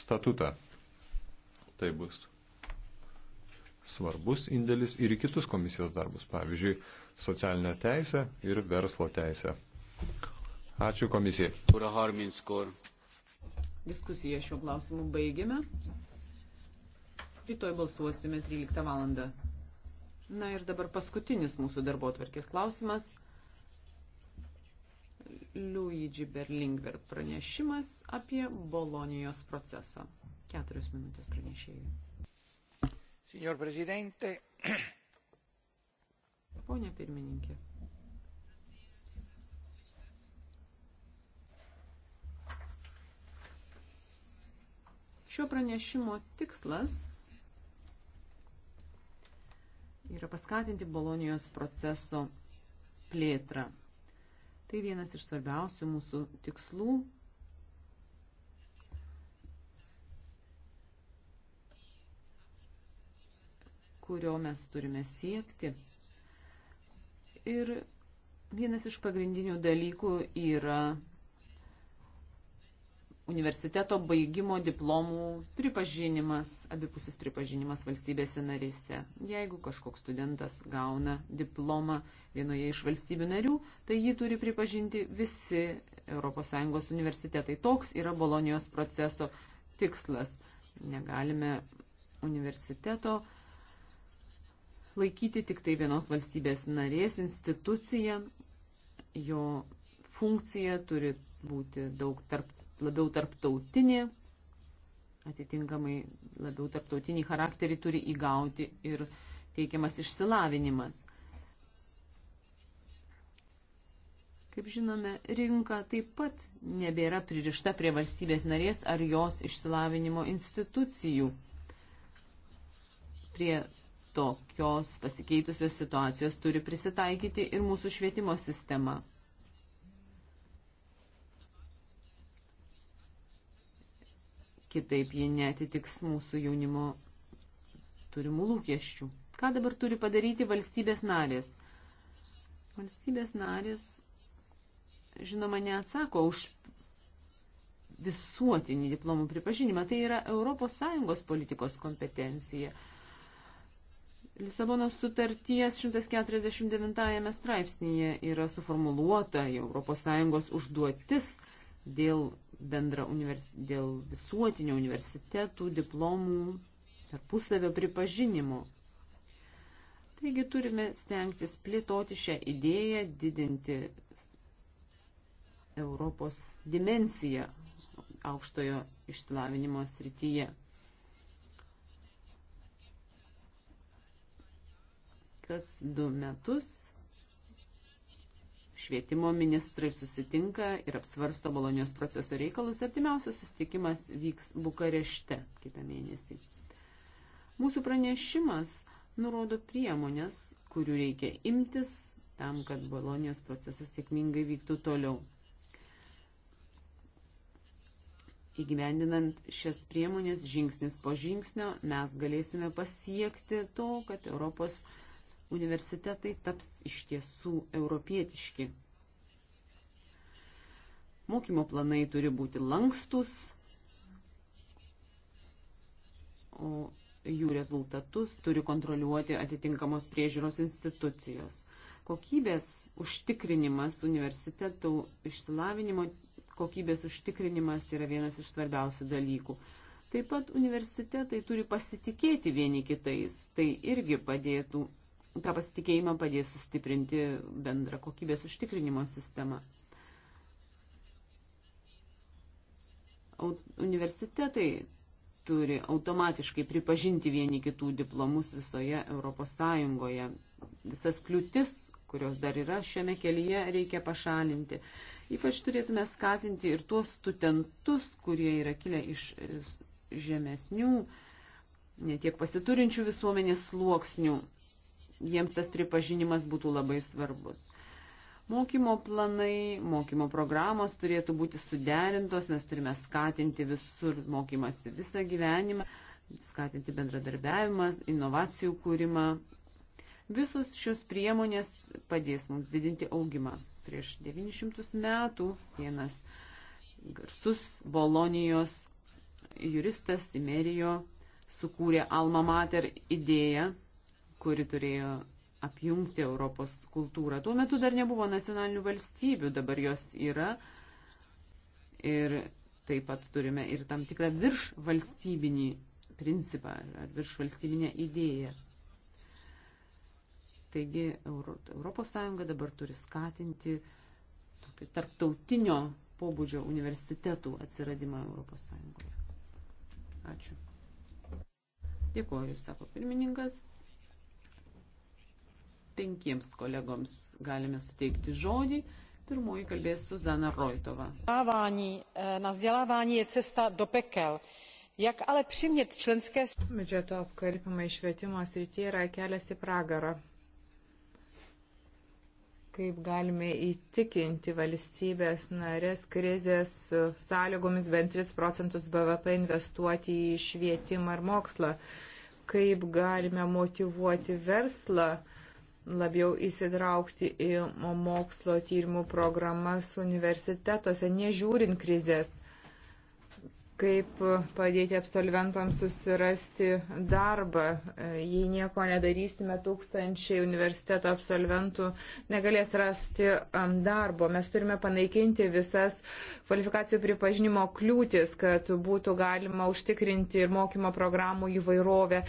statutą. Tai bus svarbus indėlis ir į kitus komisijos darbus, pavyzdžiui, socialinę teisę ir verslo teisę. Ačiū komisijai. Diskusiją šiuo klausimu baigėme. Rytoj balsuosime 13 val. Na ir dabar paskutinis mūsų darbo atvarkės klausimas. Luigi Berlingver pranešimas apie Bolonijos procesą. Keturios minutės pranešėjai. Signor Presidente. Pone pirmininkė. Šio pranešimo tikslas yra paskatinti Bolonijos proceso plėtrą. Tai vienas iš svarbiausių mūsų tikslų. kurio mes turime siekti. Ir vienas iš pagrindinių dalykų yra universiteto baigimo diplomų pripažinimas, abipusis pripažinimas valstybėse narėse. Jeigu kažkoks studentas gauna diplomą vienoje iš valstybių narių, tai jį turi pripažinti visi ES universitetai. Toks yra Bolonijos proceso tikslas. Negalime universiteto laikyti tik tai vienos valstybės narės instituciją, jo funkcija turi būti daug tarp labiau tarptautinė, atitinkamai labiau tarptautinį charakterį turi įgauti ir teikiamas išsilavinimas. Kaip žinome, rinka taip pat nebėra pririšta prie valstybės narės ar jos išsilavinimo institucijų. Prie tokios pasikeitusios situacijos turi prisitaikyti ir mūsų švietimo sistema. kitaip ji netitiks mūsų jaunimo turimų lūkesčių. Ką dabar turi padaryti valstybės narės? Valstybės narės, žinoma, neatsako už visuotinį diplomų pripažinimą. Tai yra ES politikos kompetencija. Lisabonos sutarties 149 straipsnėje yra suformuluota ES užduotis dėl, bendra univers, dėl visuotinio universitetų, diplomų, tarpusavio pripažinimo. Taigi turime stengtis plėtoti šią idėją, didinti Europos dimensiją aukštojo išsilavinimo srityje. Kas du metus Švietimo ministrai susitinka ir apsvarsto Bolonijos proceso reikalus. Artimiausias susitikimas vyks Bukarešte kitą mėnesį. Mūsų pranešimas nurodo priemonės, kurių reikia imtis tam, kad Bolonijos procesas sėkmingai vyktų toliau. Įgyvendinant šias priemonės žingsnis po žingsnio mes galėsime pasiekti to, kad Europos universitetai taps iš tiesų europietiški. Mokymo planai turi būti lankstus, o jų rezultatus turi kontroliuoti atitinkamos priežiūros institucijos. Kokybės užtikrinimas universitetų išsilavinimo kokybės užtikrinimas yra vienas iš svarbiausių dalykų. Taip pat universitetai turi pasitikėti vieni kitais, tai irgi padėtų tą pasitikėjimą padės sustiprinti bendrą kokybės užtikrinimo sistemą. Universitetai turi automatiškai pripažinti vieni kitų diplomus visoje Europos Sąjungoje. Visas kliūtis, kurios dar yra šiame kelyje, reikia pašalinti. Ypač turėtume skatinti ir tuos studentus, kurie yra kilę iš žemesnių, netiek pasiturinčių visuomenės sluoksnių, jiems tas pripažinimas būtų labai svarbus. Mokymo planai, mokymo programos turėtų būti suderintos, mes turime skatinti visur mokymasi visą gyvenimą, skatinti bendradarbiavimą, inovacijų kūrimą. Visos šios priemonės padės mums didinti augimą. Prieš 900 metų vienas garsus Bolonijos juristas Imerijo sukūrė Alma Mater idėją kuri turėjo apjungti Europos kultūrą. Tuo metu dar nebuvo nacionalinių valstybių, dabar jos yra. Ir taip pat turime ir tam tikrą virš valstybinį principą ar virš valstybinę idėją. Taigi ES dabar turi skatinti tarptautinio pobūdžio universitetų atsiradimą ES. Ačiū. Dėkuoju, sako pirmininkas penkiems kolegoms galime suteikti žodį. Pirmoji kalbės Suzana Rojtova. E, na vzdělávání je cesta do pekel. Jak ale přimět členské... Biudžeto apkarpimai švietimo srityje yra kelias į pragarą. Kaip galime įtikinti valstybės narės krizės sąlygomis bent 3 procentus BVP investuoti į švietimą ir mokslą? Kaip galime motivuoti verslą? Uh, labiau įsitraukti į mokslo tyrimų programas universitetuose, nežiūrint krizės kaip padėti absolventams susirasti darbą. Jei nieko nedarysime, tūkstančiai universiteto absolventų negalės rasti um, darbo. Mes turime panaikinti visas kvalifikacijų pripažinimo kliūtis, kad būtų galima užtikrinti ir mokymo programų įvairovę.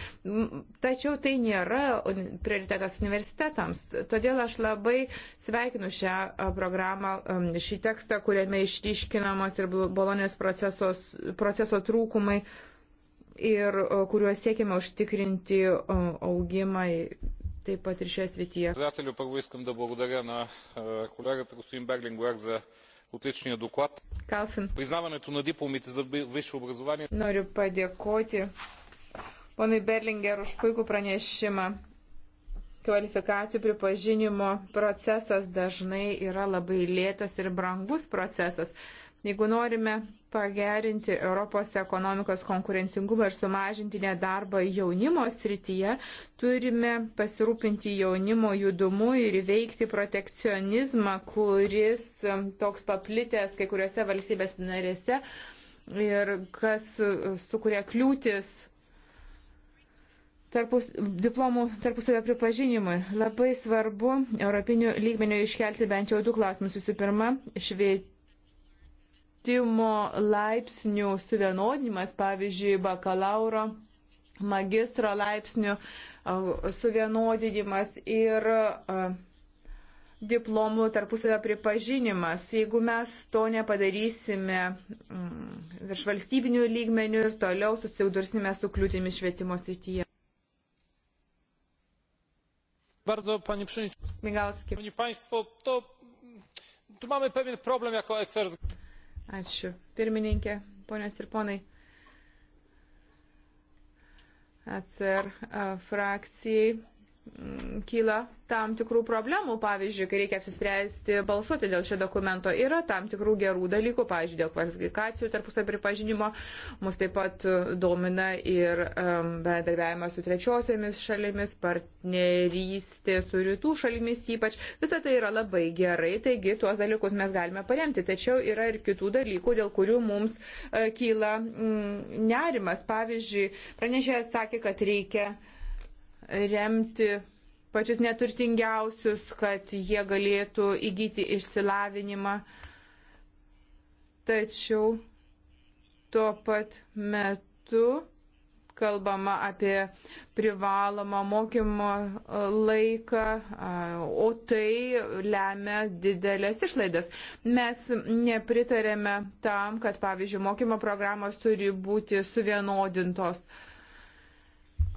Tačiau tai nėra prioritetas universitetams. Todėl aš labai sveikinu šią uh, programą, um, šį tekstą, kuriame išryškinamos ir Bolonijos procesos proceso trūkumai ir e, kuriuos siekime užtikrinti e, augimą taip pat ir šioje srityje. Председателю, първо искам да благодаря на колегата господин Беглингуер за отличния доклад. Калфин. Признаването на дипломите за висше образование. Noriu padėkoti ponui Berlinger už puikų pranešimą. Kvalifikacijų pripažinimo procesas dažnai yra labai lėtas ir brangus procesas. Jeigu norime pagerinti Europos ekonomikos konkurencingumą ir sumažinti nedarbą jaunimo srityje, turime pasirūpinti jaunimo judumu ir veikti protekcionizmą, kuris um, toks paplitęs kai kuriuose valstybės narėse ir kas uh, sukuria kliūtis tarpus, diplomų tarpusavio pripažinimui. Labai svarbu europinių lygmenių iškelti bent jau du klausimus. Visų pirma, švietimas vertimo laipsnių suvienodinimas, pavyzdžiui, bakalauro magistro laipsnių suvienodinimas ir diplomų tarpusavio pripažinimas. Jeigu mes to nepadarysime mm, virš valstybinių lygmenių ir toliau susidursime su kliūtimis švietimo srityje. Bardzo, panie przewodniczący. Panie państwo, to tu mamy pewien problem jako ECR. Ačiū. Pirmininkė, ponios ir ponai. ACR frakcijai kyla tam tikrų problemų, pavyzdžiui, kai reikia apsispręsti balsuoti dėl šio dokumento, yra tam tikrų gerų dalykų, pavyzdžiui, dėl kvalifikacijų tarpusavio pripažinimo, mus taip pat domina ir um, bendarbiavimas su trečiosiamis šalimis, partnerystė su rytų šalimis ypač, visa tai yra labai gerai, taigi tuos dalykus mes galime paremti, tačiau yra ir kitų dalykų, dėl kurių mums uh, kyla mm, nerimas, pavyzdžiui, pranešėjas sakė, kad reikia uh, remti pačius neturtingiausius, kad jie galėtų įgyti išsilavinimą. Tačiau tuo pat metu kalbama apie privalomą mokymo laiką, o tai lemia didelės išlaidas. Mes nepritarėme tam, kad, pavyzdžiui, mokymo programos turi būti suvienodintos. Uh,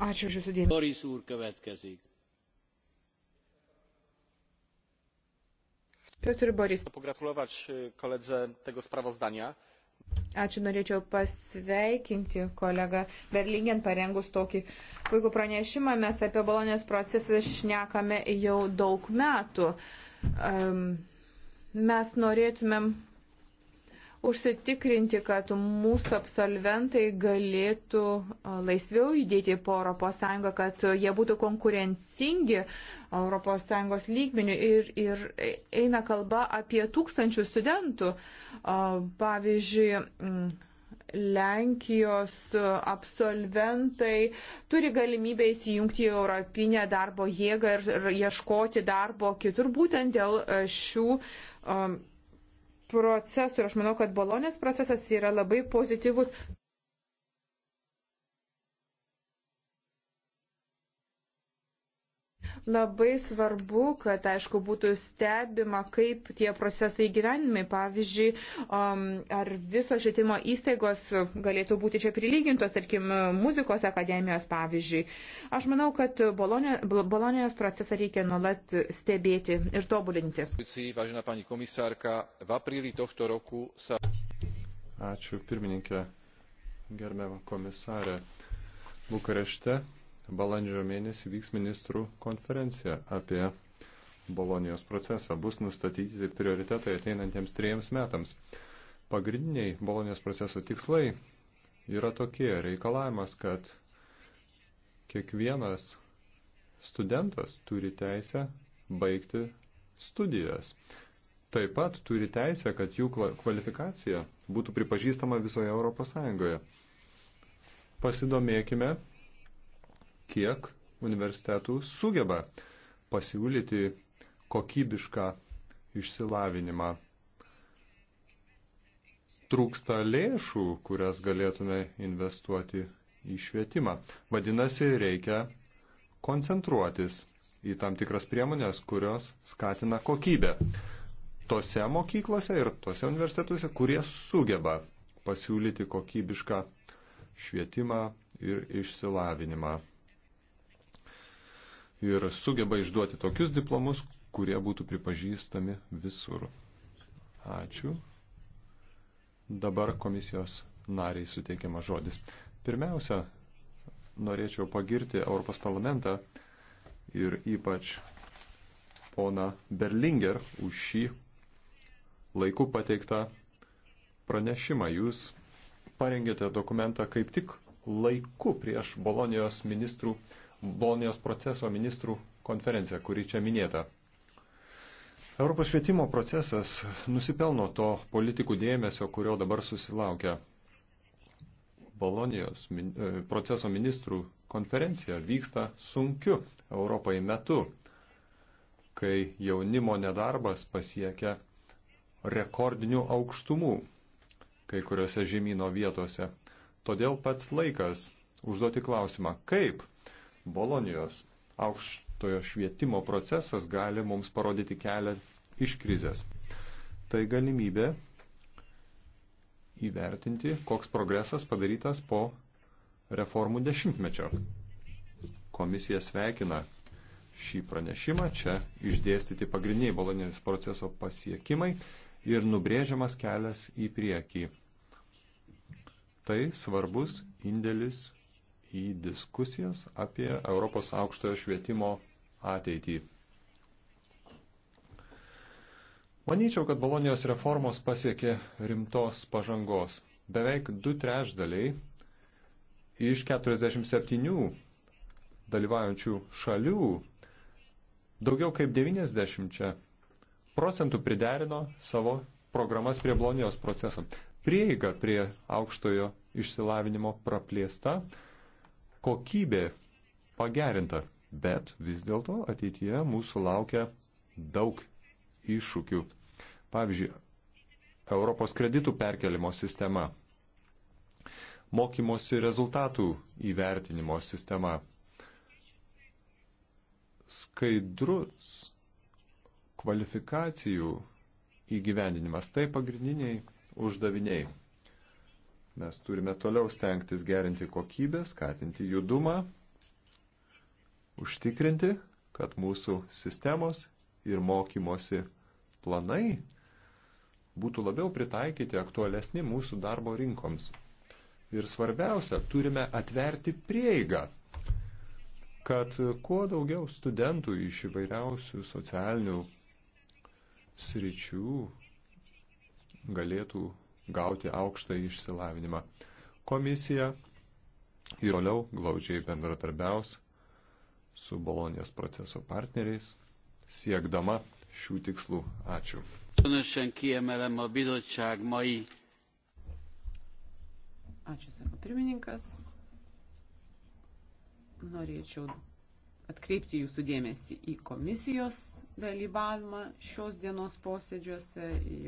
Ačiū už jūsų dėmesį. Boris Ur következik. Piotr Boris. Pogratulować koledze tego sprawozdania. Ačiū norėčiau pasveikinti kolegą Berlingen parengus tokį puikų pranešimą. Mes apie balonės procesą šnekame jau daug metų. Um, mes norėtumėm užsitikrinti, kad mūsų absolventai galėtų laisviau judėti po ES, kad jie būtų konkurencingi ES lygmenių ir, ir eina kalba apie tūkstančių studentų. Pavyzdžiui, Lenkijos absolventai turi galimybę įsijungti į europinę darbo jėgą ir, ir ieškoti darbo kitur būtent dėl šių um, procesų ir aš manau, kad Bolonės procesas yra labai pozityvus. Labai svarbu, kad, aišku, būtų stebima, kaip tie procesai gyvenimai, pavyzdžiui, um, ar visos švietimo įstaigos galėtų būti čia prilygintos, tarkim, muzikos akademijos, pavyzdžiui. Aš manau, kad Bolonijos procesą reikia nuolat stebėti ir tobulinti. Ačiū pirmininkė, gerbiamą komisarę. Bukarešte balandžio mėnesį vyks ministrų konferencija apie Bolonijos procesą. Bus nustatyti prioritetai ateinantiems trejams metams. Pagrindiniai Bolonijos proceso tikslai yra tokie reikalavimas, kad kiekvienas studentas turi teisę baigti studijas. Taip pat turi teisę, kad jų kvalifikacija būtų pripažįstama visoje Europos Sąjungoje. Pasidomėkime kiek universitetų sugeba pasiūlyti kokybišką išsilavinimą. Trūksta lėšų, kurias galėtume investuoti į švietimą. Vadinasi, reikia koncentruotis į tam tikras priemonės, kurios skatina kokybę. Tose mokyklose ir tose universitetuose, kurie sugeba pasiūlyti kokybišką švietimą ir išsilavinimą ir sugeba išduoti tokius diplomus, kurie būtų pripažįstami visur. Ačiū. Dabar komisijos nariai suteikiamas žodis. Pirmiausia, norėčiau pagirti Europos parlamentą ir ypač pona Berlinger už šį laiku pateiktą pranešimą. Jūs parengėte dokumentą kaip tik laiku prieš Bolonijos ministrų uh, Bolonijos proceso ministrų konferencija, kuri čia minėta. Europos švietimo procesas nusipelno to politikų dėmesio, kurio dabar susilaukia. Bolonijos min, e, proceso ministrų konferencija vyksta sunkiu Europai metu, kai jaunimo nedarbas pasiekia rekordinių aukštumų kai kuriuose žemynų vietose. Todėl pats laikas užduoti klausimą, kaip Bolonijos aukštojo švietimo procesas gali mums parodyti kelią iš krizės. Tai galimybė įvertinti, koks progresas padarytas po reformų dešimtmečio. Komisija sveikina šį pranešimą, čia išdėstyti pagrindiniai bolonijos proceso pasiekimai ir nubrėžiamas kelias į priekį. Tai svarbus indėlis į diskusijas apie Europos aukštojo švietimo ateitį. Manyčiau, kad Bolonijos reformos pasiekė rimtos pažangos. Beveik du trešdaliai iš 47 dalyvaujančių šalių daugiau kaip 90 procentų priderino savo programas prie Bolonijos proceso. Prieiga prie aukštojo išsilavinimo praplėsta, kokybė pagerinta, bet vis dėlto ateityje mūsų laukia daug iššūkių. Pavyzdžiui, Europos kreditų perkelimo sistema, mokymosi rezultatų įvertinimo sistema, skaidrus kvalifikacijų įgyvendinimas. Tai pagrindiniai uždaviniai. Mes turime toliau stengtis gerinti kokybę, skatinti judumą, užtikrinti, kad mūsų sistemos ir mokymosi planai būtų labiau pritaikyti aktualesni mūsų darbo rinkoms. Ir svarbiausia, turime atverti prieigą, kad kuo daugiau studentų iš įvairiausių socialinių sričių galėtų gauti aukštą išsilavinimą. Komisija ir toliau glaudžiai bendratarbiaus su Bolonijos proceso partneriais, siekdama šių tikslų. Ačiū. Különösen kiemelem a bizottság mai. Ačiū, sako pirmininkas. Norėčiau atkreipti jūsų dėmesį į komisijos dalyvavimą šios dienos posėdžiuose.